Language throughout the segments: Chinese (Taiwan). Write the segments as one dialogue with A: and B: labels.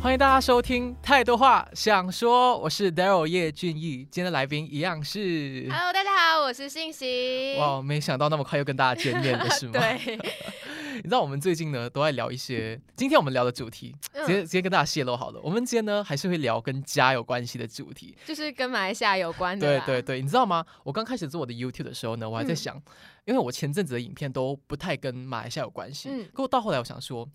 A: 歡迎大家收聽太多話想說，我是 Darryl 葉俊毅，今天的來賓一樣是 Hello，大
B: 家好，我是幸惜哇
A: ，wow, 沒想到那麼快又跟大家見面了， 對是嗎？對。 你知道我們最近呢，都在聊一些，今天我們聊的主題，直接直接跟大家泄露好了。嗯、我們今天呢，還是會聊跟家有關係的主題，
B: 就是跟馬來西亞有關的、啊。對
A: 對對，你知道嗎？我剛開始做我的 YouTube 的時候呢，我還在想，嗯、因為我前陣子的影片都不太跟馬來西亞有關係，嗯，可我到後來我想說。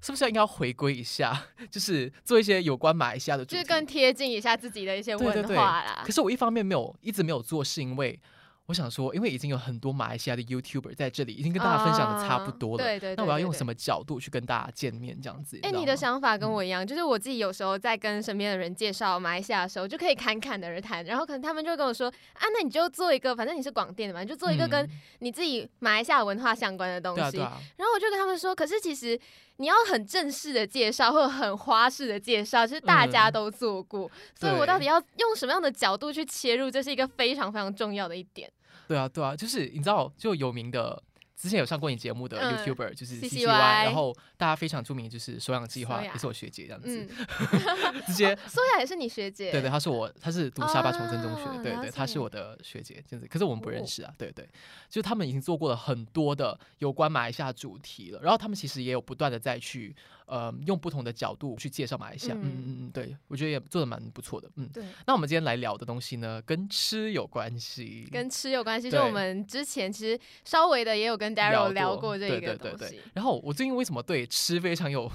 A: 是不是應該要回歸一下，就是做一些有關馬來西亞的主題，就是
B: 更貼近一下自己的一些文化啦。對對對，可
A: 是我一方面沒有一直沒有做，是因為我想說，因為已經有很多馬來西亞的 YouTuber 在這裡，已經跟大家分享的差不多了。啊、對，對，對，對對。那我要用什麼角度去跟大家見面這樣子？哎、欸，你
B: 的想法跟我一樣，就是我自己有時候在跟身邊的人介紹馬來西亞的時候，就可以侃侃的而談。然後可能他們就跟我說：“啊，那你就做一個，反正你是廣電的嘛，你就做一個跟你自己馬來西亞文化相關的東西。嗯”對，然後我就跟他們說：“可是其實。”你要很正式的介紹，或者很花式的介紹，就是大家都做過，嗯、所以我到底要用什麼樣的角度去切入，這、就是一個非常非常重要的一點。
A: 對啊，對啊，就是你知道就有名的。之前有上過你節目的 YouTuber、嗯、就是 CCY，然後大家非常著名，就是收養計劃也是我學姐這樣
B: 子、嗯， 直接收養、哦、也是你學姐，對對，
A: 他是我他是讀沙巴崇正中學，啊、對對，是他是我的學姐這樣子，可是我們不認識啊，哦、對對，就他們已經做過了很多的有關馬來西亞主題了，然後他們其實也有不斷的再去。呃，用不同的角度去介紹馬來西亞，嗯嗯嗯，對我覺得也做得蠻不錯的，嗯。對。那我們今天來聊的東西呢，跟吃有關係。
B: 跟吃有關係，對就我們之前其實稍微的也有跟 Darryl 聊,多聊過這一個東西。對對對
A: 對。然後我最近為什麼對吃非常有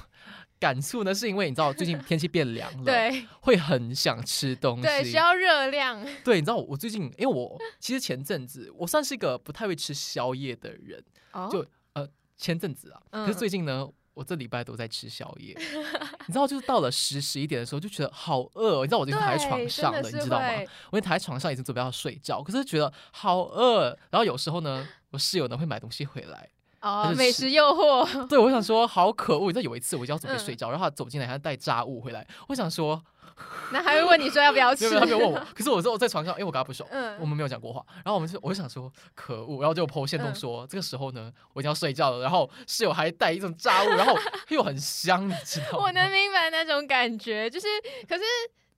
A: 感觸呢？是因為你知道最近天氣變涼了， 對，會很想吃東西，對，需要熱量。對，你知道我最近，因為我其實前陣子我算是一個不太會吃宵夜的人，哦，就呃前陣子啊，嗯、可是最近呢。我這禮拜都在吃宵夜， 你知道，就是到了十十一點的時候，就覺得好餓。你知道，我已經躺在床上了，對你知道嗎？我已經躺在床上，已經準備要睡覺，可是覺得好餓。然後有時候呢，我室友呢會買東西回來，哦， 美食誘惑。對，我想說好可惡。你知道有一次，我就要準備睡覺， 嗯、然後他走進來，他帶炸物回來，我想說。
B: 那還會問你說要不要去？ 他沒有問我，
A: 可是我說我在床上，因、欸、為我跟他不熟，嗯、我們沒有講過話。然後我們就，我就想說，可惡！然後就 po 限動說，嗯、這個時候呢，我一定要睡覺了。然後室友還帶一種炸物， 然後又很香，你知道嗎？
B: 我能明白那種感覺，就是可是。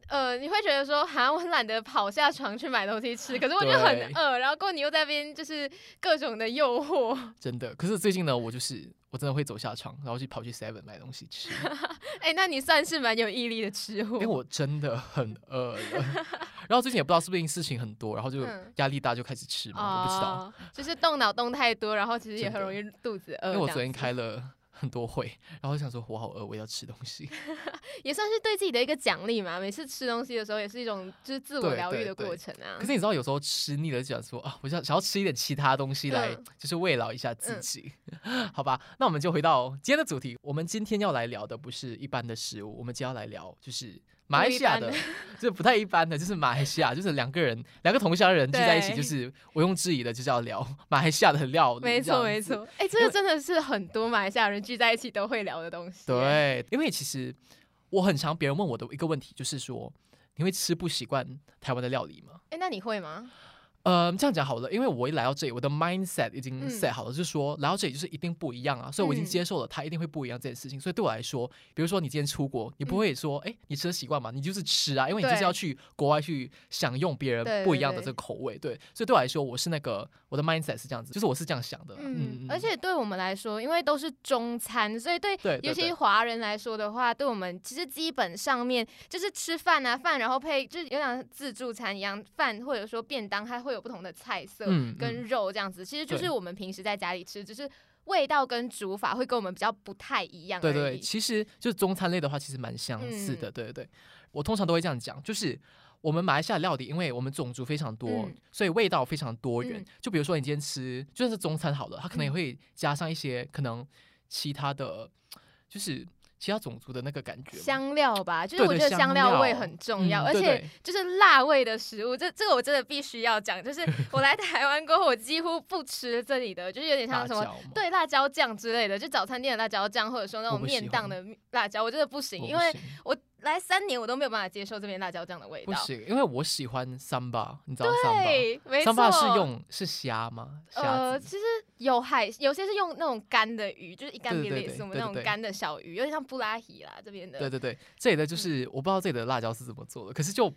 B: 呃，你會覺得說，好像我懶得跑下床去買東西吃，可是我就很餓，對然後過年又在邊就是各種的誘惑，
A: 真的。可是最近呢，我就是我真的會走下床，然後去跑去 Seven 買東西吃。
B: 哎、 欸，那你算是蠻有毅力的吃貨。因為、
A: 欸、我真的很餓， 然後最近也不知道是不是因為事情很多，然後就壓力大就開始吃嘛，嗯、我不知道，
B: 就是動腦動太多，然後其實也很容易肚子餓。因為我昨天
A: 開了。很多會，然後想說我，我好餓，我要吃東西，
B: 也算是對自己的一個獎勵嘛。每次吃東西的時候，也是一種就是自我療癒的過程啊對，對，對。可是你知
A: 道，有時候吃膩了就想說啊，我想，想要吃一點其他東西來，就是慰勞一下自己，嗯嗯、 好吧？那我們就回到今天的主題，我們今天要來聊的不是一般的食物，我們今天來聊就是。馬來西亞的，這不， 不太一般的，就是馬來西亞，就是兩個人，兩個同鄉人聚在一起，就是對我用質疑的，就是要聊馬來西亞的料沒錯，沒錯沒
B: 錯，哎、欸，這個真的是很多馬來西亞人聚在一起都會聊的東西、
A: 欸。對，因為其實我很常別人問我的一個問題，就是說你會吃不習慣台灣的料理嗎？
B: 哎、欸，那你會嗎？
A: 呃，這樣講好了，因為我一來到這裡，我的 mindset 已經 set 好了，嗯、就是說來到這裡就是一定不一樣啊，嗯、所以我已經接受了它一定會不一樣這件事情。嗯、所以對我來說，比如說你今天出國，你不會說，哎、嗯欸，你吃的習慣嘛，你就是吃啊，因為你就是要去國外去享用別人不一樣的這個口味，對，對，對，對，對。所以對我來說，我是那個我的 mindset 是這樣子，就是我是這樣想的、啊。嗯，嗯而
B: 且對我們來說，因為都是中餐，所以對對，尤其華人來說的話，對我們其實基本上面就是吃飯啊，飯然後配就是有點像自助餐一樣，飯或者說便當，它會有。有不同的菜色跟肉這樣子，嗯嗯、其實就是我們平時在家裡吃，對就是味道跟煮法會跟我們比較不太一樣。對，對對，
A: 其實就是中餐類的話，其實蠻相似的。嗯、對對對，我通常都會這樣講，就是我們馬來西亞料理，因為我們種族非常多，嗯、所以味道非常多元。嗯、就比如說，你今天吃就算是中餐好了，它可能也會加上一些可能其他的，就是。其他種族的那個感覺，香
B: 料吧，就是我覺得香料味很重要，對對，而且就是辣味的食物，嗯、對對，這這個我真的必須要講，就是我來台灣過後，我幾乎不吃這裡的， 就是有點像什麼對，辣椒醬之類的，就早餐店的辣椒醬，或者說那種麵檔的辣椒，我，我真的不行，因為我。我來三年我都沒有辦法接受這邊辣椒醬的味道，不行，
A: 因為我喜歡 samba，你知道 samba？對，沒錯。samba 是用是蝦嗎？蝦呃，
B: 其實有海，有些是用那種乾的魚，就是一乾的那種乾的小魚，對對對有點像布拉吉啦這邊的。對對
A: 對，這裡的就是、嗯、我不知道這裡的辣椒是怎麼做的，可是就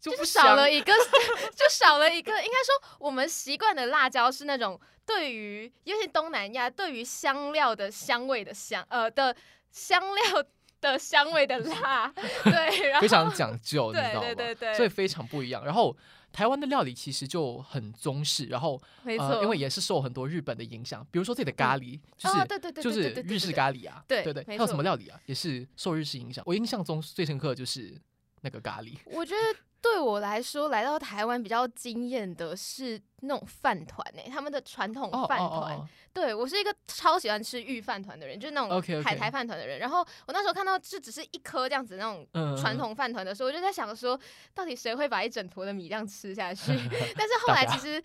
B: 就，不就少了一個， 就少了一個。應該說我們習慣的辣椒是那種對於，尤其東南亞對於香料的香味的香呃的香料。的香味的辣，對，非
A: 常講究，你知道嗎？所以非常不一樣。然後台灣的料理其實就很中式，然後沒錯，因為也是受很多日本的影響，比如說這裡的咖喱，就是對對對日式咖喱啊，對對對，還有什麼料理啊，也是受日式影響。我印象中最深刻就是那個咖喱。我
B: 覺得對我來說，來到台灣比較驚豔的是。那種飯糰呢？他們的傳統飯糰，oh, oh, oh, oh. 對，我是一個超喜歡吃御飯糰的人，就是那種海苔飯糰的人。Okay, okay. 然後我那時候看到這只是—一顆這樣子的那種傳統飯糰的時候，嗯嗯我就在想說，到底誰會把一整坨的米這樣吃下去？是但是後來其實，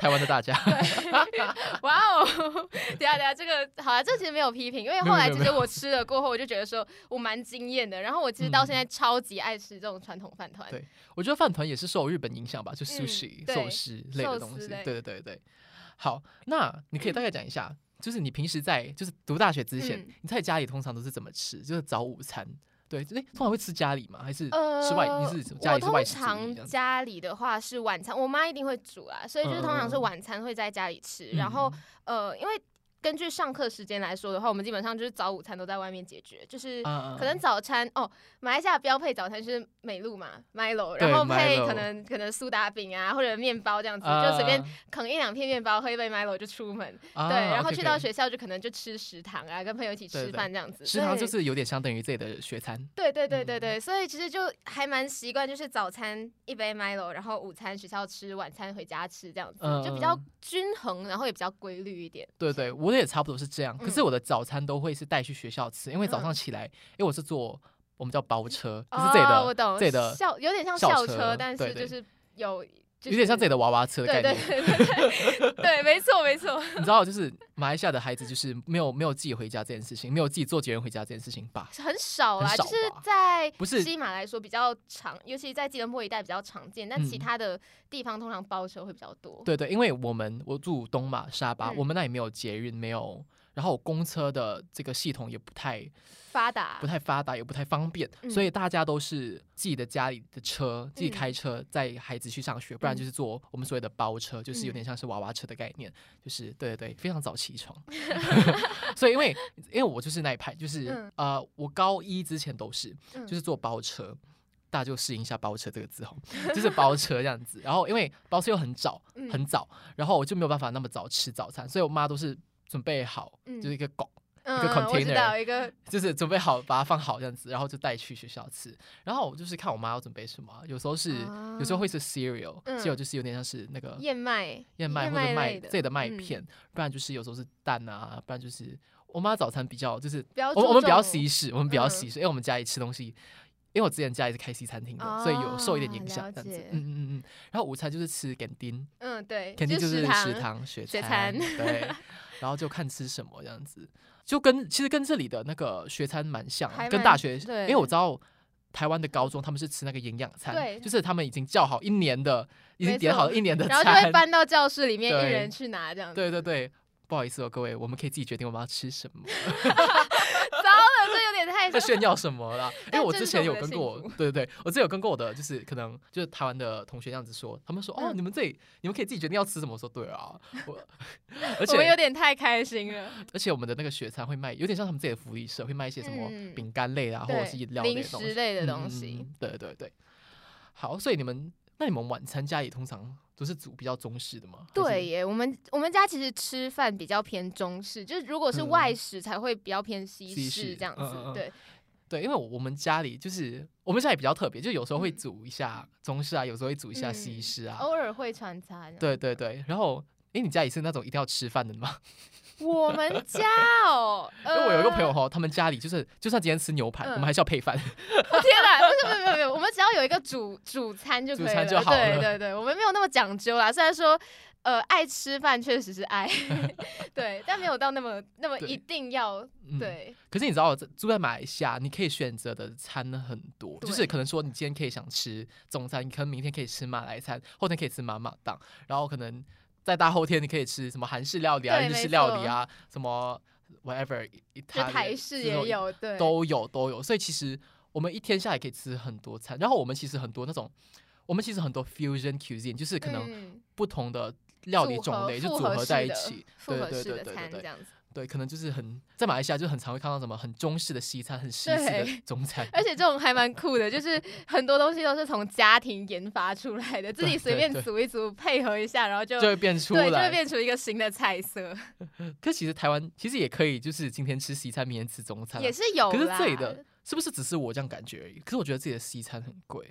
A: 台灣的大家，
B: 對哇哦！ 等下等下，這個好啦，這個、其實沒有批評，因為後來其實我吃了過後，我就覺得說我蠻驚艷的。然後我其實到現在超級愛吃這種傳統飯糰。
A: 對，我覺得飯糰也是受日本影響吧，就是。壽司、嗯、壽司類的東西，對對對對。好，那你可以大概講一下，嗯、就是你平時在就是讀大學之前，嗯、你在家裡通常都是怎麼吃？就是早午餐，對，欸、通常會吃家裡嗎，還是吃外？呃、你是家裡是外？我通常家
B: 裡的話是晚餐，我媽一定會煮啊，所以就是通常是晚餐會在家裡吃。嗯、然後，呃，因為。根據上課時間來說的話，我們基本上就是早午餐都在外面解決，就是可能早餐哦，馬來西亞標配早餐是美露嘛，Milo，然後配可能可能蘇打餅啊或者麵包這樣子，就隨便啃一兩片麵包，喝一杯 Milo 就出門，對，然後去到學校就可能就吃食堂啊，跟朋友一起吃飯這樣子。食堂就是
A: 有點相當於自己的學餐。
B: 對對對對對，所以其實就還蠻習慣，就是早餐一杯 Milo，然後午餐學校吃，晚餐回家吃這樣子，就比較均衡，然後也比較規律一點。
A: 對對我。我覺得也差不多是這樣，可是我的早餐都會是帶去學校吃，嗯、因為早上起來，因為我是坐我們叫包車，就是這裡的，對、哦、的校，校有點像校車，對對對，但是就
B: 是有。就是、有點像自己的娃娃車的概念，對，沒錯沒錯。
A: 你知道，就是馬來西亞的孩子，就是沒有沒有自己回家這件事情，沒有自己坐捷運回家這件事情吧？
B: 很少啦、啊，少就是在不是西馬來說比較常，是尤其在吉隆坡一帶比較常見，但其他的地方通常包車會比較多。嗯、對
A: 對，因為我們我住東馬沙巴，嗯、我們那裡沒有捷運，沒有。然後我公車的這個系統也不太發達，不太發達也不太方便，嗯、所以大家都是自己的家裡的車，自己開車帶、嗯、孩子去上學，不然就是坐我們所謂的包車，就是有點像是娃娃車的概念，嗯、就是對對對，非常早起床。 所以因為因為我就是那一派，就是、嗯、呃，我高一之前都是就是坐包車，大家就適應一下包車這個字吼，就是包車這樣子。然後因為包車又很早很早，嗯、然後我就沒有辦法那麼早吃早餐，所以我媽都是。準備好就是一個拱，一個 container，就是準備好把它放好這樣子，然後就帶去學校吃。然後我就是看我媽要準備什麼，有時候是有時候會是 cereal，cereal 就是有點像是那個燕麥燕麥或者麥這裡的麥片，不然就是有時候是蛋啊，不然就是我媽早餐比較就是我我們比較西式，我們比較西式，因為我們家裡吃東西，因為我之前家裡是開西餐廳的，所以有受一點影響這樣子。嗯嗯嗯。然後午餐就是吃肯丁，嗯對，肯丁就是食堂學餐對。然後就看吃什麼這樣子，就跟其實跟這裡的那個學餐蠻像，蠻跟大學，對因為我知道台灣的高中他們是吃那個營養餐，對，就是他們已經叫好一年的，錯已經點好一年的餐，然後就會搬
B: 到教室裡面一人去拿這樣子對。對
A: 對對，不好意思哦，各位，我們可以自己決定我們要吃什麼。 在炫耀什麼啦？因為我之前有跟過，對對對，我之前有跟過我的，就是可能就是台灣的同學這樣子說，他們說哦，你們自己，你們可以自己決定要吃什麼。我說對啊，
B: 我 而且我有點太開心
A: 了。而且我們的那個學餐會賣，有點像他們自己的福利社，會賣一些什麼餅乾類啊，嗯、或者是飲料零食類的東西。對西、嗯、對對對，好，所以你們那你們晚餐家裡通常？不是煮比較中式的嗎？
B: 對耶，是我們我們家其實吃飯比較偏中式，就是如果是外食才會比較偏西式這樣子。嗯、嗯嗯對
A: 對，因為我們家裡就是我們家也比較特別，就有時候會煮一下中式啊，嗯、有時候會煮一，啊嗯、一下西式啊，嗯、
B: 偶爾會穿插。對
A: 對對，然後。哎、欸，你家也是那種一定要吃飯的嗎？
B: 我們家哦， 因為我有一個朋友
A: 哈，呃、他們家裡就是，就算今天吃牛排，嗯、我們還是要配飯。 我
B: 天哪，不是，沒有，沒有，沒有，我們只要有一個主主餐就可以了。主餐就好了。對對對，我們沒有那麼講究啦。雖然說，呃，愛吃飯確實是愛， 對，但沒有到那麼那麼一定要對。對嗯、
A: 對，可是你知道，住在馬來西亞，你可以選擇的餐很多，對就是可能說，你今天可以想吃中餐，你可能明天可以吃馬來餐，後天可以吃媽媽檔，然後可能。在大後天你可以吃什麼韓式料理啊、對日式料理啊，錯什麼 whatever，其他台式也有，種對，都有都有。所以其實我們一天下來可以吃很多餐。然後我們其實很多那種，我們其實很多 fusion cuisine，就是可能不同的料理種類就組合在一起，對對,對對對對對，複合式的餐，這樣子。對，可能就是很在馬來西亞就很常會看到什麼很中式的西餐，很西式的中餐，而且
B: 這種還蠻酷的， 就是很多東西都是從家庭研發出來的，對對對，自己隨便煮一煮，配合一下，然後就就會變出來。對，就會變出一個新的菜色。
A: 可其實台灣其實也可以，就是今天吃西餐，明天吃中餐，也是有啦，可是這裡的是不是只是我這樣感覺而已？可是我覺得自己的西餐很貴，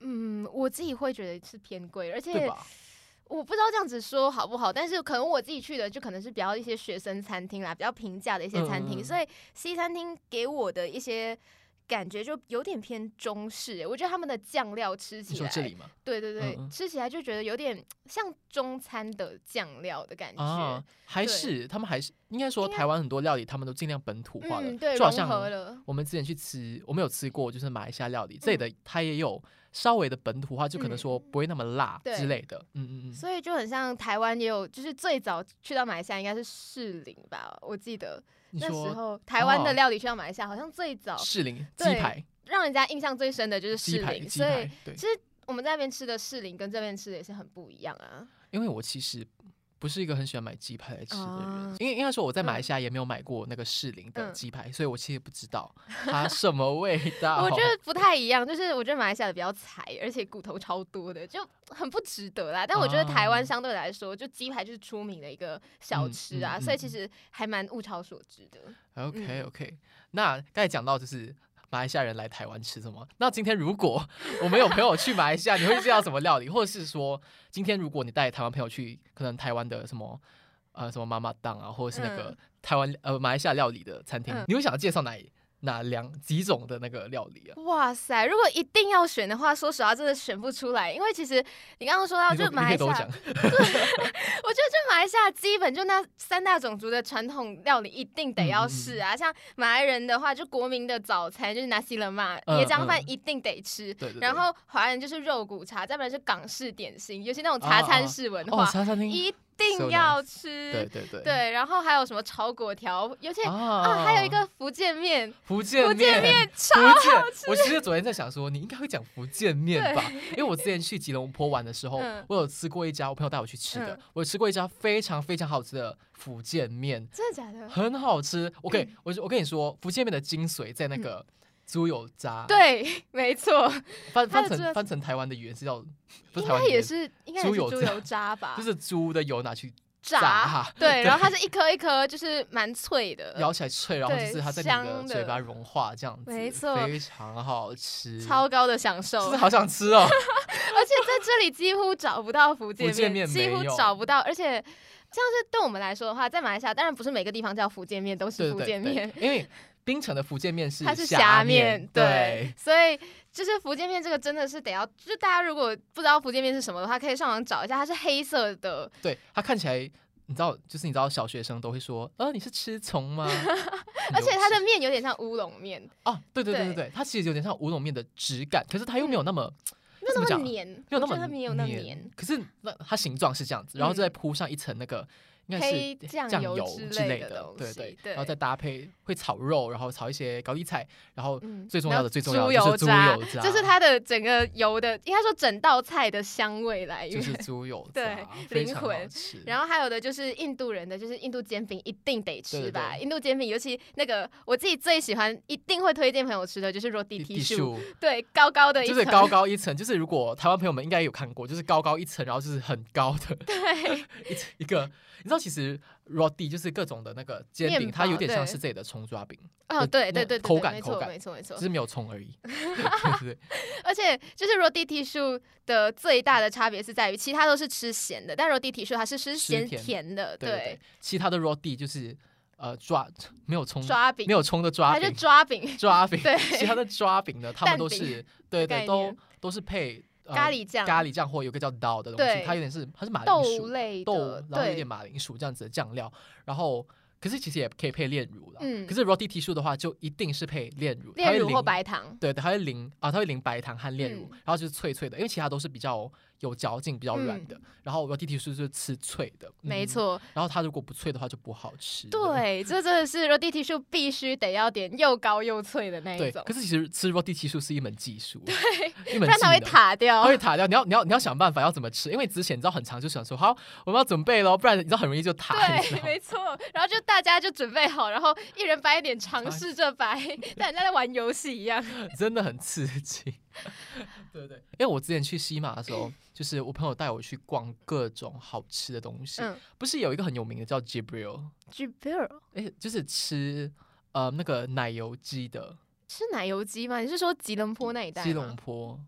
B: 嗯，我自己會覺得是偏貴，而且。對我不知道這樣子說好不好，但是可能我自己去的就可能是比較一些學生餐廳啦，比較平價的一些餐廳，嗯、所以西餐廳給我的一些感覺就有點偏中式、欸。我覺得他們的醬料吃起來，你說這裡嗎？對對對，嗯嗯吃起來就覺得有點像中餐的醬料的感覺。啊
A: 啊還是對他們還是應該說台灣很多料理他們都盡量本土化的，嗯、對，融合了，就好像我們之前去吃，嗯、我沒有吃過就是馬來西亞料理，這裡的他也有。稍微的本土化，就可能說不會那麼辣，嗯、之類的，對嗯嗯嗯，所
B: 以就很像台灣也有，就是最早去到馬來西亞應該是士林吧，我記得說那時候台灣的料理去到馬來西亞，好像最早士林雞對排，讓人家印象最深的就是士林，雞排、雞排，所以其實我們在那邊吃的士林跟這邊吃的也是很不一樣啊，
A: 因為我其實，不是一個很喜歡買雞排來吃的人，啊、因為應該說我在馬來西亞也沒有買過那個士林的雞排，嗯、所以我其實不知道它什麼味道。 我覺
B: 得不太一樣，就是我覺得馬來西亞的比較柴，而且骨頭超多的，就很不值得啦。但我覺得台灣相對來說，啊、就雞排就是出名的一個小吃啊，嗯嗯嗯、所以其實還蠻物超所值的。
A: 嗯、OK OK，那剛才講到就是。馬來西亞人來台灣吃什麼？那今天如果我們有朋友去馬來西亞， 你會介紹什麼料理？或者是說，今天如果你帶台灣朋友去，可能台灣的什麼，呃，什麼媽媽檔啊，或者是那個台灣、嗯、呃馬來西亞料理的餐廳，嗯、你會想要介紹哪裡？哪兩幾種的那個料理啊？
B: 哇塞，如果一定要選的話，說實話真的選不出來，因為其實你剛剛說到都就馬來西亞， 對，我覺得就馬來西亞基本就那三大種族的傳統料理一定得要試啊，嗯嗯像馬來人的話就國民的早餐就是 Nasi Lemak 椰漿飯一定得吃，對對對然後華人就是肉骨茶，再不然就是港式點心，尤其那種茶餐室文化、啊啊啊哦，茶餐廳一。定要吃，對對對，對，然後還有什麼炒粿條，尤其啊，還有一個福建麵，福建福建麵超好吃。我其實
A: 昨天在想說，你應該會講福建麵吧？因為我之前去吉隆坡玩的時候，我有吃過一家我朋友帶我去吃的，我吃過一家非常非常好吃的福建麵，真
B: 的假的？很
A: 好吃。我可以，我我跟你說，福建麵的精髓在那個。豬油渣，對，
B: 沒錯。翻翻成翻
A: 成台灣的語言是叫，應該也是，應該豬油豬油渣吧，就是豬的油拿去炸。對，然後它是
B: 一顆一顆，就是蠻脆的，咬
A: 起來脆，然後就是它在你的嘴巴融化這樣子，
B: 沒錯，非
A: 常好吃，超
B: 高的享受，真好想吃哦。而且在這裡幾乎找不到福建麵，福建麵幾乎找不到，而且這樣是對我們來說的話，在馬來西亞當然不是每個地方叫福建麵都是福建麵，
A: 因為。冰城的福建麵是麵，它是蝦麵，對，對，
B: 所以就是福建麵這個真的是得要，就大家如果不知道福建麵是什麼的話，可以上網找一下，它是黑色的，
A: 對，它看起來，你知道，就是你知道小學生都會說，呃、啊，你是吃蟲嗎？
B: 而且它的麵有點像烏龍麵哦、
A: 啊，對對對對對，對它其實有點像烏龍麵的質感，可是它又沒有那麼，沒有那麼黏、
B: 嗯。沒有那麼黏。
A: 可是它形狀是這樣子，然後再鋪上一層那個。嗯黑醬油之類的，類的對的東西，對，然後再搭配會炒肉，然後炒一些高麗菜，然後最重要的最重要的就是豬油渣，嗯、油渣就是它
B: 的整個油的應該說整道菜的香味來源就是豬油渣，對，靈魂。然後還有的就是印度人的，就是印度煎餅一定得吃吧，對對對，印度煎餅尤其那個我自己最喜歡，一定會推薦朋友吃的就是 Roti Tisu，對，高高的一層，就是高高
A: 一層，就是如果台灣朋友們應該有看過，就是高高一層，然後就是很高的，對， 一一個。你知道其實羅蒂就是各種的那個煎餅，它有點像是這裡的蔥抓餅啊，對對對，口感口感沒錯沒錯，只是沒有蔥而已。對，
B: 而且就是 Roti Tissue 的最大的差別是在於，其他都是吃鹹的，但 Roti Tissue 它是吃鹹甜的。對，
A: 其他的 Roti 就是呃抓沒有蔥抓餅，沒有蔥的抓，還是
B: 抓餅抓餅。對，其他的
A: 抓餅呢，它們都是對對都都是配。呃、咖喱醬，咖喱醬或有個叫刀的東西，對它有點是它是馬鈴薯的豆類的，豆然後有點馬鈴薯這樣子的醬料，對然後可是其實也可以配煉乳啦、嗯、可是 Roti Tissue 的話，就一定是配煉乳，煉乳或白糖，它，它會淋
B: 白糖，對，
A: 它會淋啊，它會淋白糖和煉乳，嗯、然後就是脆脆的，因為其他都是比較。有嚼勁、比較軟的，嗯、然後 Roti Tissue 是吃脆的，沒錯、嗯。然後它如果不脆的話就不好吃。對，
B: 對這真的是 Roti Tissue，必須得要點又高又脆的那一種。可是其
A: 實吃 Roti Tissue 是一門技術，對，
B: 不然它會塌掉，它會塌
A: 掉。你要你要你要想辦法要怎麼吃，因為之前你知道很常就想說好，我們要準備咯，不然你知道很容易就塌。對，
B: 沒錯。然後就大家就準備好，然後一人掰一點，嘗試着掰，它但人家在玩遊戲一樣，
A: 真的很刺激。 對，對對，因為我之前去西馬的時候，就是我朋友帶我去逛各種好吃的東西。嗯、不是有一個很有名的叫 Gabriel，Gabriel？哎，就是吃呃那個奶油雞的，
B: 吃奶油雞嗎？你是說吉隆坡那一帶？吉隆坡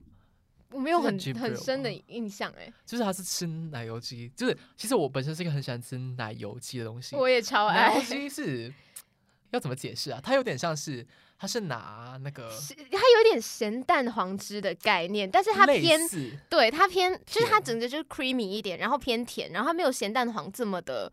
B: 我沒有很很深的印象哎、欸，
A: 就是他是吃奶油雞，就是其實我本身是一個很喜歡吃奶油雞的東西，我也
B: 超愛，奶油雞
A: 是。 要怎麼解釋啊？它有點像是，它是拿那個，
B: 它有點鹹蛋黃汁的概念，但是它偏，似對，它偏，甜就是它整個就是 creamy 一點，然後偏甜，然後它沒有鹹蛋黃這麼的。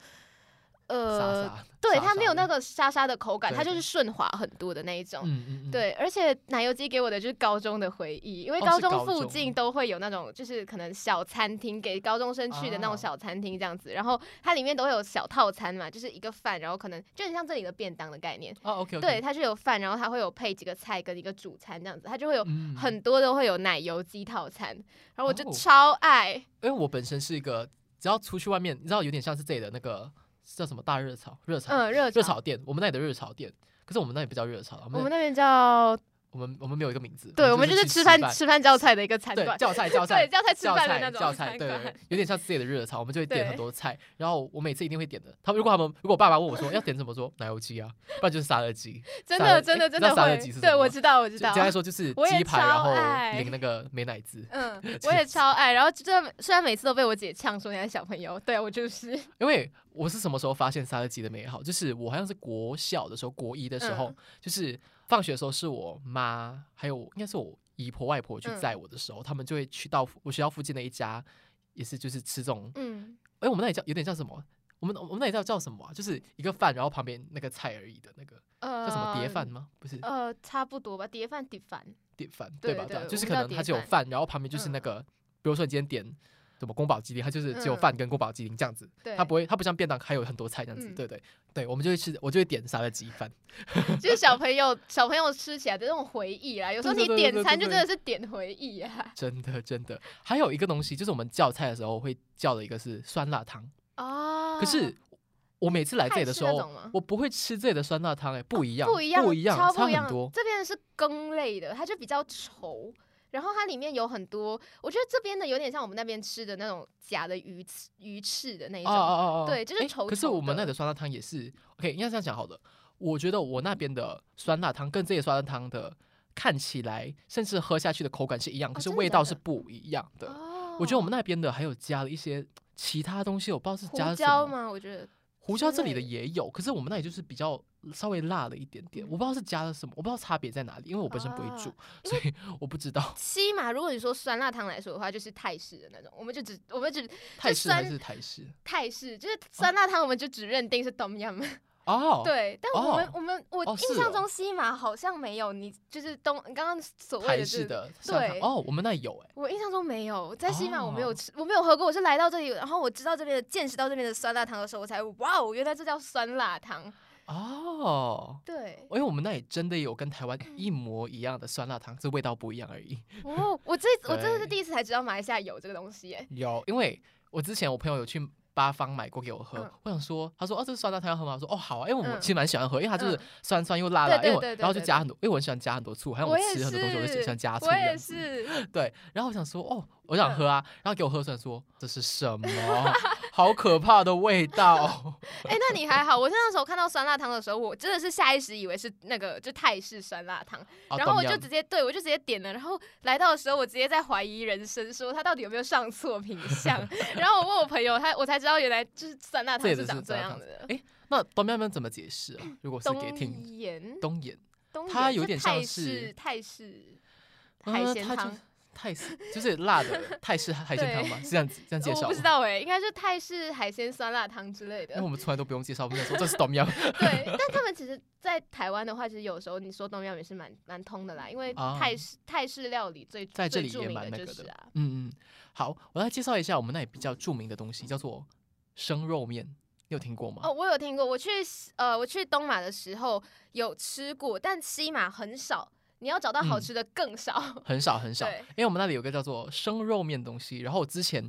B: 呃，傻傻，對，傻傻它沒有那個沙沙的口感，對，它就是順滑很多的那一種。嗯嗯嗯。對，而且奶油雞給我的就是高中的回憶，因為高中附近都會有那種，就是可能小餐廳給高中生去的那種小餐廳這樣子。哦。然後它裡面都會有小套餐嘛，就是一個飯，然後可能就很像這裡的便當的概念。哦，okay，OK。對，它是有飯，然後它會有配幾個菜跟一個主餐這樣子，它就會有很多都會有奶油雞套餐，然後我就超愛。
A: 哦。因為我本身是一個只要出去外面，你知道有點像是這裡的那個。叫什麼大熱炒？熱炒？嗯，熱熱炒店，我們那裡的熱炒店，可是我們那也不叫熱炒，我們，我們
B: 那邊叫。
A: 我們我們沒有一個名字，對，我們就是吃飯吃飯
B: 叫菜的一個餐館，叫菜叫菜叫菜吃飯的那種，叫菜對，
A: 有點像自己的熱炒，我們就會點很多菜。然後我每次一定會點的，他們如果他們如果爸爸問我說要點什麼，說奶油雞啊，不然就是沙拉雞，真的真的真的沙拉雞。對我知
B: 道我知道。剛才說就是雞排，然後淋那
A: 個美乃滋，
B: 嗯，我也超愛。然後就雖然每次都被我姐嗆說你是小朋友，對我就是，
A: 因為我是什麼時候發現沙拉雞的美好？就是我好像是國小的時候，國一的時候，就是。放學的時候是我媽，還有應該是我姨婆外婆去載我的時候，嗯、他們就會去到我學校附近的一家，也是就是吃這種，嗯、欸，我們那裡叫有點像什麼？我們我們那裡叫叫什麼啊？就是一個飯，然後旁邊那個菜而已的那個，呃、叫什麼碟飯嗎？不是，呃，
B: 差不多吧，碟飯碟飯
A: 碟飯對吧？對，對，對，對就是可能它只有飯，飯然後旁邊就是那個，嗯、比如說你今天點。什麼宮保雞丁，它就是只有飯跟宮保雞丁這樣子，嗯、它不會，它不像便當，還有很多菜這樣子，嗯、對對對，對，我們就會吃，我就會點啥的雞飯。
B: 就是小朋友 小朋友吃起來的那種回憶啦。有時候你點餐就真的是點回憶啊，
A: 真的真的。還有一個東西就是我們叫菜的時候會叫的一個是酸辣湯、
B: 哦，可是
A: 我每次來這裡的時候，我不會吃這裡的酸辣湯，哎，不一樣、哦、不一樣，超很多。這
B: 邊是羹類的，它就比較稠。然後它裡面有很多，我覺得這邊的有點像我們那邊吃的那種假的魚翅魚翅的那一種，啊啊啊啊對，就是稠稠，欸。可是我
A: 們那的酸辣湯也是，OK，應該這樣講好的。我覺得我那邊的酸辣湯跟這些酸辣湯的看起來，甚至喝下去的口感是一樣，可是味道是不一樣的。啊、真的假的？我覺得我們那邊的還有加了一些其他東西，我不知道是加了什麼胡椒
B: 嗎？我覺得
A: 胡椒這裡的也有，是的。可是我們那裡就是比較。稍微辣了一點點，我不知道是加了什麼，我不知道差別在哪裡，因為我本身不會煮，啊、所以我不知道。西
B: 馬，如果你說酸辣湯來說的話，就是泰式的那種，我們就只我們只
A: 泰式，還是泰式，
B: 泰式就是酸辣湯，我們就只認定是冬陰功
A: 哦， 對，但我們、哦、我
B: 們我印象中西馬好像沒有，你就是冬剛剛所謂的泰、這個、式的湯，對哦，
A: 我們那裡有哎、
B: 欸。我印象中沒有，在西馬我沒有吃、哦、我沒有喝過，我是來到這裡，然後我知道這邊的見識到這邊的酸辣湯的時候，我才哇，原來這叫酸辣湯。
A: 哦，對，因為、欸、我們那裡真的有跟台灣一模一樣的酸辣湯，這味道不一樣而已。哦，
B: 我這對我真的是第一次才知道馬來西亞有這個東西耶。
A: 有，因為我之前我朋友有去八方買過給我喝，嗯、我想說，他說哦、啊、這是酸辣湯要喝嗎？我說哦好啊，因、欸、為我其實蠻喜歡喝，因為他就是酸酸又辣辣，因為我然後就加很多，因、欸、為我很喜歡加很多醋，還有我吃很多東西我就喜歡加醋，我也是。我也是對，然後我想說哦，我想喝啊，嗯、然後給我喝，他說這是什麼？ 好可怕的味道！
B: 哎、 欸，那你還好。我在那時候看到酸辣湯的時候，我真的是下意識以為是那個就泰式酸辣湯，啊、然後我就直接對我就直接點了，然後來到的時候，我直接在懷疑人生，說他到底有沒有上錯品項。 然後我問我朋友，他我才知道原來就是酸辣湯是長這樣的。哎，
A: 那董妙妙怎麼解釋啊？如果送給聽東言東岩，它有點像是泰式泰式海鮮湯。泰式就是辣的泰，泰式海鮮湯嗎？是這樣子這樣介紹？我不知
B: 道哎、欸，應該是泰式海鮮酸辣湯之類的。那我們從來都不用介紹，我們說這是冬陰。對，但他們其實，在台灣的話，其實有時候你說冬陰也是蠻蠻通的啦，因為泰式、啊、泰式料理最在這裡最著名的就是啊。嗯嗯，
A: 好，我來介紹一下我們那裡比較著名的東西，叫做生肉麵，你有聽過嗎？
B: 哦，我有聽過，我去呃我去東馬的時候有吃過，但西馬很少。你要找到好吃的更少，嗯、
A: 很少很少。對因為我們那裡有個叫做生肉面東西，然後我之前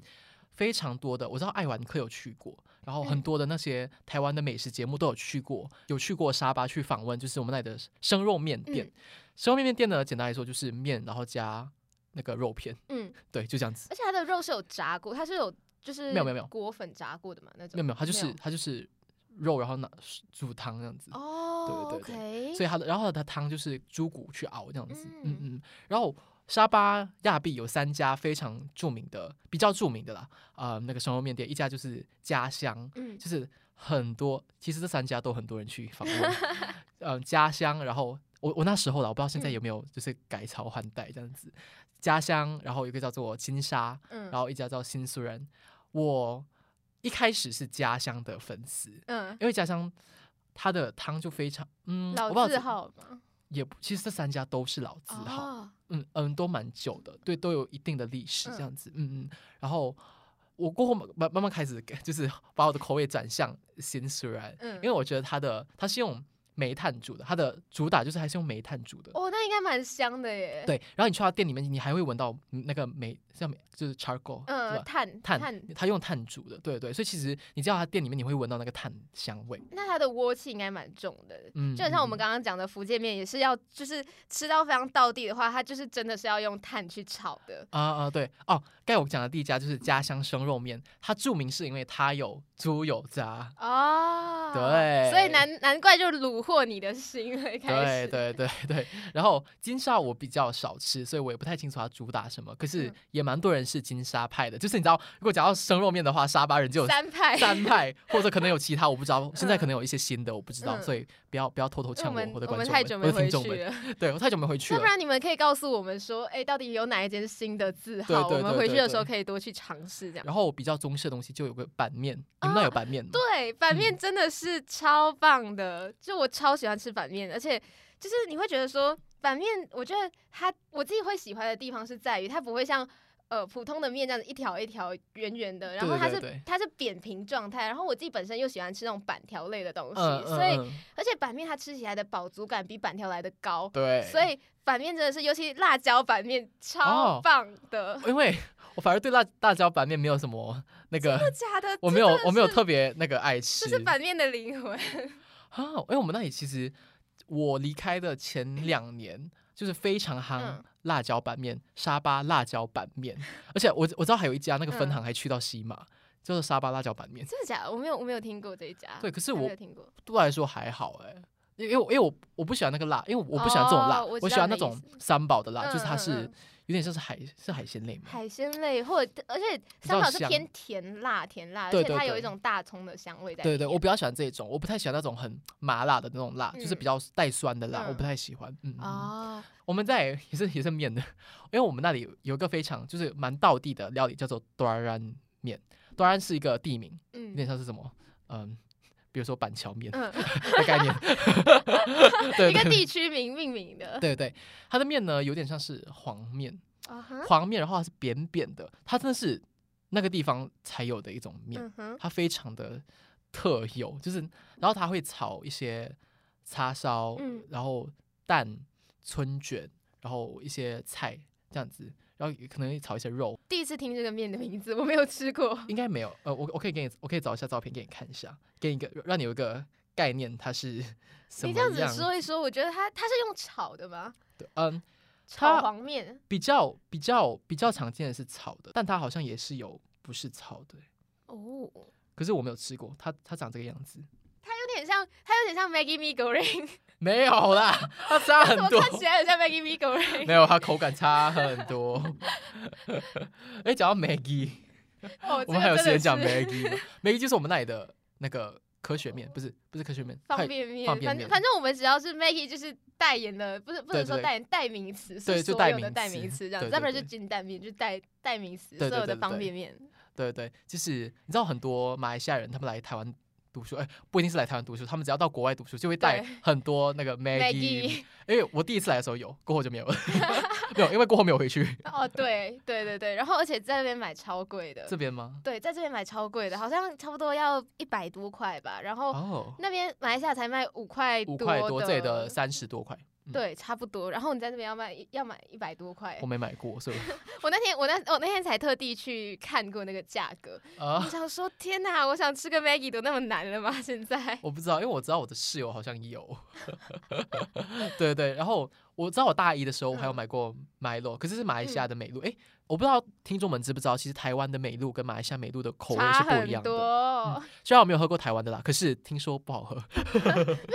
A: 非常多的，我知道愛玩客有去過，然後很多的那些台灣的美食節目都有去過。嗯、有去過沙巴去訪問，就是我們那裡的生肉麵店。嗯、生肉麵店呢，簡單來說就是麵，然後加那個肉片。嗯，對，就這樣子。
B: 而且它的肉是有炸過，它是有就是果沒有沒有沒有裹粉炸過的嘛？那種沒有沒有，它就是有
A: 它就是。肉，然後煮湯這樣子，oh, 對對對，okay. 所以它的，然後它的湯就是豬骨去熬這樣子，嗯嗯，嗯。然後沙巴亞庇有三家非常著名的，比較著名的啦，啊、呃、那個生肉麵店，一家就是家鄉，嗯、就是很多，其實這三家都很多人去訪問，嗯、 呃，家鄉。然後我我那時候啦，我不知道現在有沒有就是改朝換代這樣子，嗯、家鄉。然後一個叫做金沙，然後一家叫新蘇人，嗯、我。一開始是家鄉的粉絲，嗯，因為家鄉他的湯就非常，嗯，老字號嗎？我不知道，也其實這三家都是老字號，哦、嗯嗯，都蠻久的，對，都有一定的歷史，這樣子，嗯嗯，然後我過後慢慢慢開始，就是把我的口味轉向 s i n 新熟人，嗯，因為我覺得他的他是用。煤炭煮的，它的主打就是還是用煤炭煮的。哦，
B: 那應該蠻香的耶。對，
A: 然後你去到店裡面，你還會聞到那個煤，像煤就是 charcoal，嗯，
B: 碳碳，碳它用
A: 碳煮的，對，對對。所以其實你知道，他店裡面，你會聞到那個碳香味。
B: 那它的鍋氣應該蠻重的，嗯，就很像我們剛剛講的福建麵，也是要就是吃到非常道地的話，它就是真的是要用碳去炒的。
A: 啊啊、嗯嗯嗯、對哦，該我講的第一家就是家鄉生肉麵，它著名是因為它有。豬油渣
B: 哦，對，所以難難怪就虜獲你的心了對
A: 對對對，然後金沙我比較少吃，所以我也不太清楚它主打什麼。可是也蠻多人是金沙派的，就是你知道，如果講到生肉麵的話，沙巴人就有三派，三派或者可能有其他我不知道，嗯、現在可能有一些新的我不知道，嗯、所以不要不要偷偷嗆我我的觀眾們，我們我們太久沒回去了。對，我太久沒回去了。要不然
B: 你們可以告訴我們說，哎、欸，到底有哪一間是新的字號？我們回去的時候可以多去嘗試這樣。然
A: 後比較中式的東西就有個板麵。嗯那有板麵，
B: 對，板麵真的是超棒的，嗯、就我超喜歡吃板麵，而且就是你會覺得說板麵，我覺得它我自己會喜歡的地方是在於它不會像呃普通的麵這樣子一條一條圓圓的，然後它是對對對它是扁平狀態，然後我自己本身又喜歡吃那種板條類的東西，嗯嗯、所以而且板麵它吃起來的飽足感比板條來的高，對，所以板麵真的是尤其是辣椒板麵超棒的。哦，因為
A: 我反而對辣辣椒板麵沒有什麼。那個真的假的？我沒有，我沒有特別那個愛吃。這是板
B: 面的靈魂啊！因、
A: 欸、為我們那裡其實，我離開的前兩年、欸、就是非常夯辣椒板面，嗯、沙巴辣椒板面。而且我我知道還有一家那個分行還去到西馬，嗯、就是沙巴辣椒板面。
B: 真的假的？我沒有，我沒有聽過這一家。對，可是我對我
A: 來，來說還好哎、欸。因為因為我我不喜歡那個辣，因、欸、為我不喜歡這種辣，oh, 我，我喜歡那種三寶的辣，嗯、就是它是有點像是海，嗯、是海鮮類嘛。海
B: 鮮類，或者而且三寶是偏甜辣，甜辣，而且它有一種大蔥的香味在。對對、對、對、對對，我
A: 比較喜歡這一種，我不太喜歡那種很麻辣的那種辣，嗯、就是比較帶酸的辣，嗯、我不太喜歡。嗯，
B: 嗯，
A: 我們在也是也是麵的，因為我們那裡有一個非常就是蠻道地的料理，叫做端安麵。端安是一個地名，嗯，有點像是什麼，嗯。嗯比如說板橋麵、嗯、的概念，一個地區名命名的，對，對對，它的麵呢有點像是黃麵，uh huh? 黃麵的話是扁扁的，它真的是那個地方才有的一種麵，它非常的特有，就是然後它會炒一些叉燒，然後蛋春卷，然後一些菜這樣子。然後可能炒一些肉。
B: 第一次聽這個麵的名字，我沒有吃
A: 過，應該沒有。呃，我我可以給你，我可以找一下照片給你看一下，給你一個讓你有一個概念，它是什麼樣子。你這樣子說一
B: 說，我覺得它它是用炒的嗎？對，嗯，炒黃麵
A: 比較比較比較常見的是炒的，但它好像也是有不是炒的哦。可是我沒有吃過，它它長這個樣子，
B: 它有點像它有點像 Maggi Mee Goreng。
A: 沒有啦，它 怎麼看起
B: 來很像 Maggie Mee Goreng
A: 沒有，它口感差很多。哎、 欸，講到 Maggie，、
B: oh, 我們還有時間講 Maggie。
A: Maggie 就是我們那裡的那個科學麵，不是不是科學麵，方便麵。反正反
B: 正我們只要是 Maggie，就是代言的。不是對對對，不能說代言代名詞，是所有的代名詞這樣子。要不然就金蛋麵，就代代名詞，所有的方便麵。
A: 對對，對，對對，就是你知道很多馬來西亞人他們來台灣。讀書誒，不一定是來台灣讀書，他們只要到國外讀書，就會帶很多那個 Maggie, Maggie。因為我第一次來的時候有，過後就沒有了， 沒有，因為過後沒有回去。
B: 哦，對對對對，然後而且在那邊買超貴的。這邊嗎？對，在這邊買超貴的，好像差不多要一百多塊吧。然後那邊馬來西亞才賣五塊五塊多，這裡的
A: 三十多塊。
B: 對，差不多。然後你在那邊要買要買一百多塊，我
A: 沒買過，所以
B: 我那天我那我那天才特地去看過那個價格、啊、我想說，天哪，我想吃個 Maggie 都那麼難了嗎？現在
A: 我不知道，因為我知道我的室友好像有， 對對。然後我知道我大一的時候我還有買過 Milo、嗯、可是是馬來西亞的美露。哎、嗯，我不知道聽眾們知不知道，其實台灣的美露跟馬來西亞美露的口味是不一樣的。多嗯、雖然我沒有喝過台灣的啦，可是聽說不好喝，
B: 因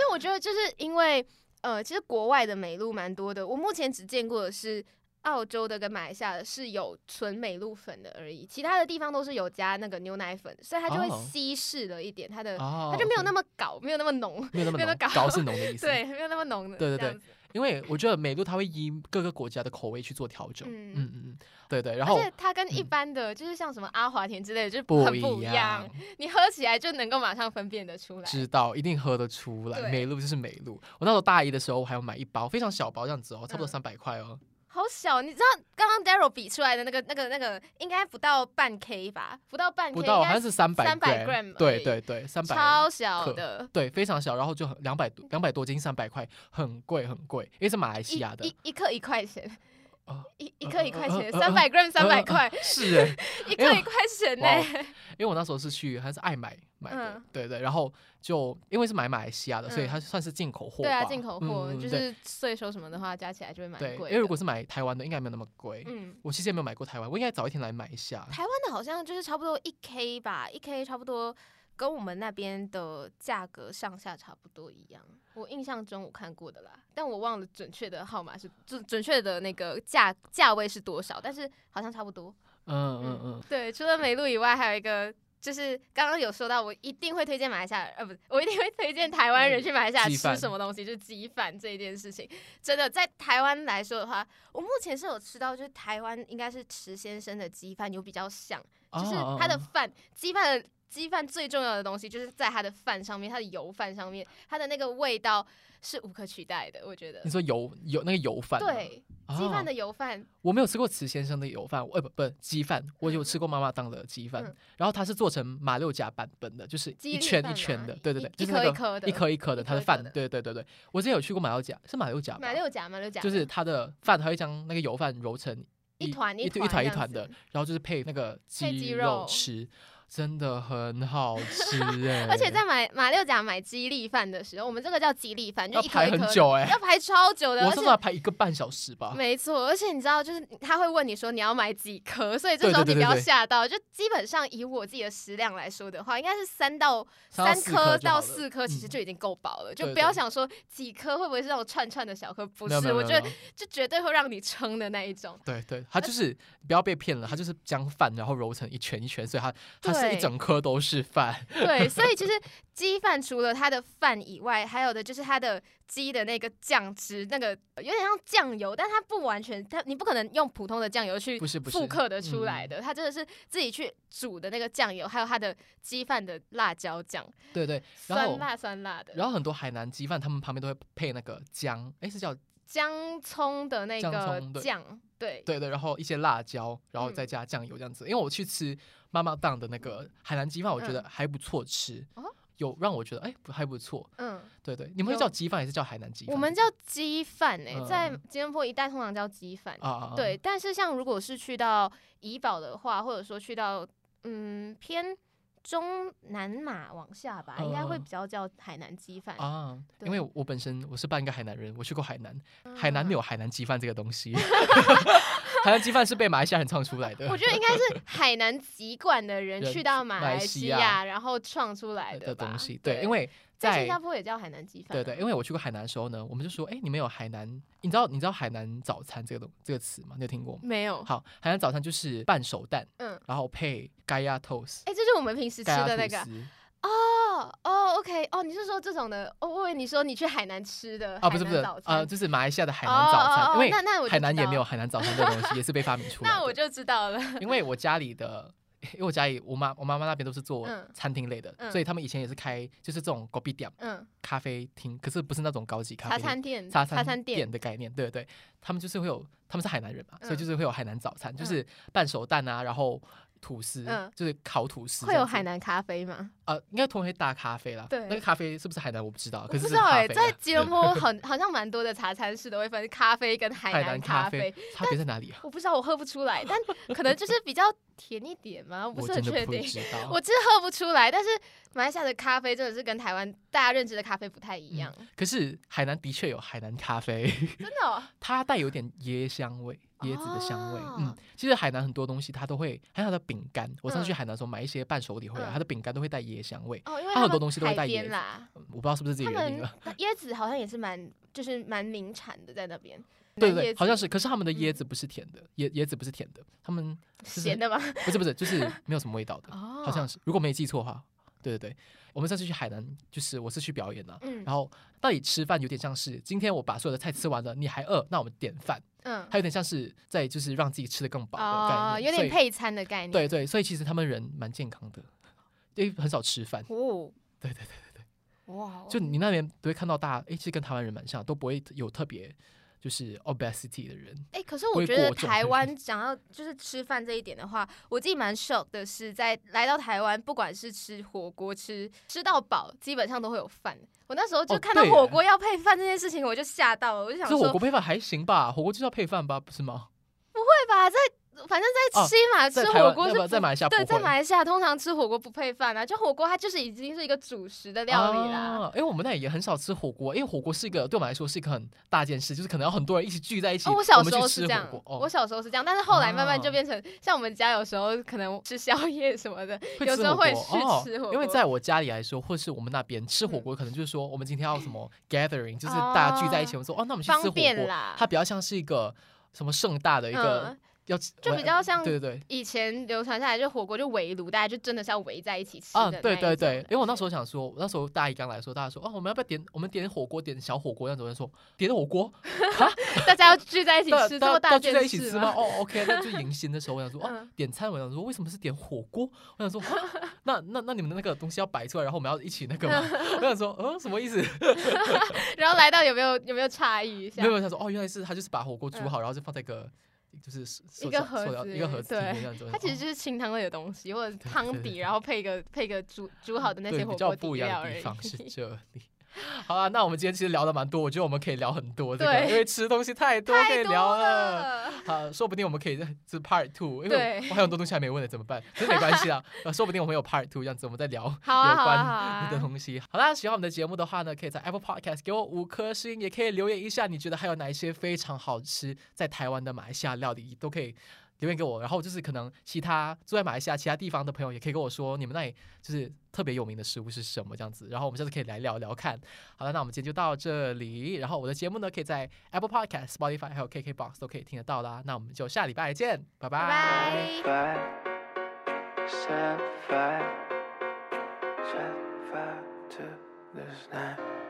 B: 為 我覺得就是因為。呃，其實國外的美祿蠻多的，我目前只見過的是澳洲的跟馬來西亞的是有純美祿粉的而已，其他的地方都是有加那個牛奶粉，所以它就會稀釋了一點，它的，哦、它就沒有那麼搞，哦、沒有那麼濃，沒有那麼搞是濃的意思，對，沒有那麼濃的，對，對，對，這樣
A: 子。因為我覺得美露它會依各個國家的口味去做調整，嗯嗯嗯，對對。然後
B: 它跟一般的就是像什麼阿華田之類的，就是很不一樣，一樣你喝起來就能夠馬上分辨得出來。知
A: 道，一定喝得出來，對美露就是美露。我那時候大一的時候，我還要買一包非常小包這樣子哦，差不多三百塊哦。嗯
B: 好小，你知道剛剛 Darryl 比出來的那個、那個、那個，應該不到半 k 吧，不到半 k，不到，好像是三百三百 gram，對對
A: 對，三百超小的，對，非常小，然後就很兩百多兩百多斤，三百塊，很貴很貴，因為是馬來西亞的，一,
B: 一,一克一塊錢，一克一塊錢，三百 gram，三百塊，是欸，一克一塊錢呢，
A: 因為我那時候是去還是愛買。買的、嗯、對對，然後就因為是買馬來西亞的，嗯、所以它算是進口貨。對啊，進口貨、嗯、就是
B: 稅收什麼的話加起來就會蠻貴。因為如果
A: 是買臺灣的，應該沒有那麼貴。嗯，我其實也沒有買過臺灣，我應該早一天來買一下。臺
B: 灣的好像就是差不多一 K 吧，一 K 差不多跟我們那邊的價格上下差不多一樣。我印象中我看過的啦，但我忘了準確的號碼是準準確的那個價價位是多少，但是好像差不多。嗯嗯嗯。
A: 嗯嗯
B: 對，除了美露以外， 還有一個。就是剛剛有說到，我一定會推薦馬來西亞，呃，不，我一定會推薦台灣人去馬來西亞吃什麼東西，嗯、就是雞飯這一件事情。真的在台灣來說的話，我目前是有吃到，就是台灣應該是池先生的雞飯有比較像，就是他的飯，雞飯。雞飯最重要的東西就是在它的飯上面，它的油飯上面，它的那個味道是無可取代的。我覺得你
A: 說油有那個油飯，對，
B: 雞飯的油飯，
A: 啊，我沒有吃過慈先生的油飯，哎、欸、不不，雞飯我有吃過媽媽檔的雞飯，嗯、然後它是做成馬六甲版本的，就是一圈一圈的，啊、對對對，就是那個、一顆一顆的，一顆一顆的，的，的，它的飯，對對對對，我之前有去過馬六甲，是馬六甲，馬六甲，
B: 馬六甲馬六甲就是
A: 它的飯他會將那個油飯揉成一
B: 團一團一團一團的，
A: 然後就是配那個雞肉吃。真的很好吃、欸、 而且在
B: 買馬六甲買雞粒飯的時候，我們這個叫雞粒飯，就一顆一顆要排很久、欸、要排超久的，我起碼
A: 排一個半小時吧。沒
B: 錯，而且你知道，就是他會問你說你要買幾顆，所以這時候你不要嚇到。對對對對，就基本上以我自己的食量來說的話，應該是三到三顆到四顆，其實就已經夠飽了。嗯、對對對，就不要想說幾顆會不會是那種串串的小顆，不是，我覺得就絕對會讓你撐的那一種。
A: 對，對對，他就是不要被騙了，他就是將飯然後揉成一圈一圈，所以他對他。對是一整顆都是飯，對，所以其實
B: 雞飯除了它的飯以外， 還有的就是它的雞的那個醬汁，那個有點像醬油，但它不完全，它你不可能用普通的醬油去復刻的出來的，不是不是它真的是自己去煮的那個醬油，嗯、還有它的雞飯的辣椒醬，
A: 對，對對，酸辣酸辣的然。然後很多海南雞飯，他們旁邊都會配那個薑，哎、欸，是叫
B: 薑蔥的那個醬。
A: 對對對，然後一些辣椒，然後再加醬油這樣子。嗯、因為我去吃媽媽檔的那個海南雞飯，我覺得還不錯吃，嗯、有讓我覺得哎不還不錯。嗯，對對，你們會叫雞飯還是叫海南雞飯？我們
B: 叫雞飯哎、欸，嗯、在吉隆坡一帶通常叫雞飯、嗯、對，但是像如果是去到怡保的話，或者說去到嗯偏。中南馬往下吧，嗯、應該會比較叫海南雞飯啊。對因為
A: 我本身我是半個海南人，我去過海南，啊、海南沒有海南雞飯這個東西。
B: 海
A: 南雞飯是被馬來西亞人創出來的， 我覺得應該是
B: 海南籍貫的人去到馬來西亞，西亞然後創出來的，的
A: 東西。對，對因為。在，在新加坡
B: 也叫海南雞飯啊。對對，因
A: 為我去過海南的時候呢，我們就說，哎，你們有海南，你知道你知道海南早餐這個東這個詞嗎？你有聽過嗎？沒有。好，海南早餐就是半熟蛋，嗯，然後配咖椰 toast。
B: 哎，這是我們平時吃的那個。哦哦、oh, oh,，OK，哦、oh,，你是說這種的？哦，我以為，你說你去海南吃的南？啊、哦，不是不是，
A: 呃，就是馬來西亞的海南早餐。哦哦哦哦，因為那那海南也沒有海南早餐這個東西， 也是被發明出來。那我
B: 就知道了，
A: 因為我家裡的。因為我家裡我，我媽我媽媽那邊都是做餐廳類的，嗯嗯、所以他們以前也是開就是這種咖啡店，嗯、咖啡廳，可是不是那種高級咖啡店，茶餐廳，茶餐廳的概念，對，對對？他們就是會有，他們是海南人嘛，嗯、所以就是會有海南早餐，就是半熟蛋啊，然後。吐司，就是烤吐司，會有海
B: 南咖啡嗎？
A: 呃，應該同為大咖啡啦。對，那個咖啡是不是海南？我不知道。可是不知道欸，在吉隆坡很
B: 好像蠻多的茶餐室都會分咖啡跟海南咖啡，
A: 差別在哪裡啊？
B: 我不知道，我喝不出來，但可能就是比較甜一點嘛，我不是很確定。我真喝不出來，但是馬來西亞的咖啡真的是跟台灣大家認知的咖啡不太一樣。
A: 可是海南的確有海南咖啡，真的，它帶有點椰香味。椰子的香味，oh, 嗯，其實海南很多東西它都會，還有它的餅乾。嗯、我上次去海南的時候買一些伴手禮回來，嗯、它的餅乾都會帶椰香味。哦，它很多東西都會帶椰子。我不知道是不是自己原因了。
B: 椰子好像也是蠻，就是蠻名產的在那邊。對，對對，好
A: 像是。嗯、可是他們的椰子不是甜的，椰椰子不是甜的，他們就是、鹹的嗎？不是不是，就是沒有什麼味道的。哦， 好像是。如果沒記錯的話。對對對，我們上次去海南，就是我是去表演的，啊嗯、然後到底吃飯有點像是今天我把所有的菜吃完了，你還餓，那我們點飯，嗯，它有點像是在就是讓自己吃得更飽的概念，哦，有點配
B: 餐的概念，對
A: 對，所以其實他們人蠻健康的，因為很少吃飯哦，對對對對對，哇，哦，就你那邊不會看到大家，哎，其實跟台灣人蠻像，都不會有特別。就是 obesity 的人，哎、欸，可是我覺得台灣
B: 想要就是吃飯這一點的話， 我自己蠻 shock 的是，在來到台灣，不管是吃火鍋吃吃到飽，基本上都會有飯。我那時候就看到火鍋要配飯這件事情，我就嚇到了，哦、我就想說，火鍋
A: 配飯還行吧，火鍋就要配飯吧，不是嗎？
B: 不會吧，在。反正在吃嘛，吃火鍋是。在馬來西亞。對，在馬來西亞通常吃火鍋不配飯啊，就火鍋它就是已經是一個主食的料理啦。
A: 哎，我們那裡也很少吃火鍋，因為火鍋是一個對我們來說是一個很大件事，就是可能要很多人一起聚在一起。我小時候是這樣，我
B: 小時候是這樣，但是後來慢慢就變成像我們家有時候可能吃宵夜什麼的，有時候會去吃火鍋。因
A: 為在我家裡來說，或是我們那邊吃火鍋，可能就是說我們今天要什麼 gathering，就是大家聚在一起，我說哦，那我們去吃火鍋。它比較像是一個什麼盛大的一個。要就比較像以
B: 前流傳下來就火鍋就圍爐，大家就真的是要圍在一起吃啊，對對對，
A: 因為我那時候想說，那時候大一剛來，說大家說，哦，我們要不要點？我們點火鍋，點小火鍋這樣子。我說點火鍋，
B: 大家要聚在一起吃，到大家聚在一起吃嗎？哦
A: ，OK，那就迎新的時候，我想說，哦，點餐，我想說為什麼是點火鍋？我想說，那那那你們的那個東西要擺出來，然後我們要一起那個嗎？我想說，嗯，什麼意思？
B: 然後來到有沒有有沒有差異一下？沒有，他
A: 說，哦，原來是他就是把火鍋煮好，然後就放在一個。就是一個盒子，盒子，對，它其實就是
B: 清湯類的東西，或者湯底，對對對，然後配個配個煮煮好的那些火鍋底料而已。
A: 好啊，那我們今天其實聊得，蠻多，我覺得我們可以聊很多不、這個、對，因為吃東西太多，太多可以聊了。好、啊，說不定我們可以吃 part two，對因為我還有很多東西還沒問的，怎麼辦？真沒關係 啊，說不定我們有 part two，這樣子我們再聊有關的東西。好、啊好，啊好，啊、好啦，喜歡我們的節目的話呢，可以在 Apple Podcast 給我五顆星，也可以留言一下，你覺得還有哪一些非常好吃在台灣的馬來西亞料理都可以。留言給我，然後就是可能其他住在馬來西亞其他地方的朋友也可以跟我說，你們那裡就是特別有名的食物是什麼這樣子，然後我們下次可以來聊聊看。好了，那我們今天就到這裡，然後我的節目呢，可以在 Apple Podcast、Spotify 還有 KK Box 都可以聽得到啦。那我們就下禮拜見，拜拜。Bye bye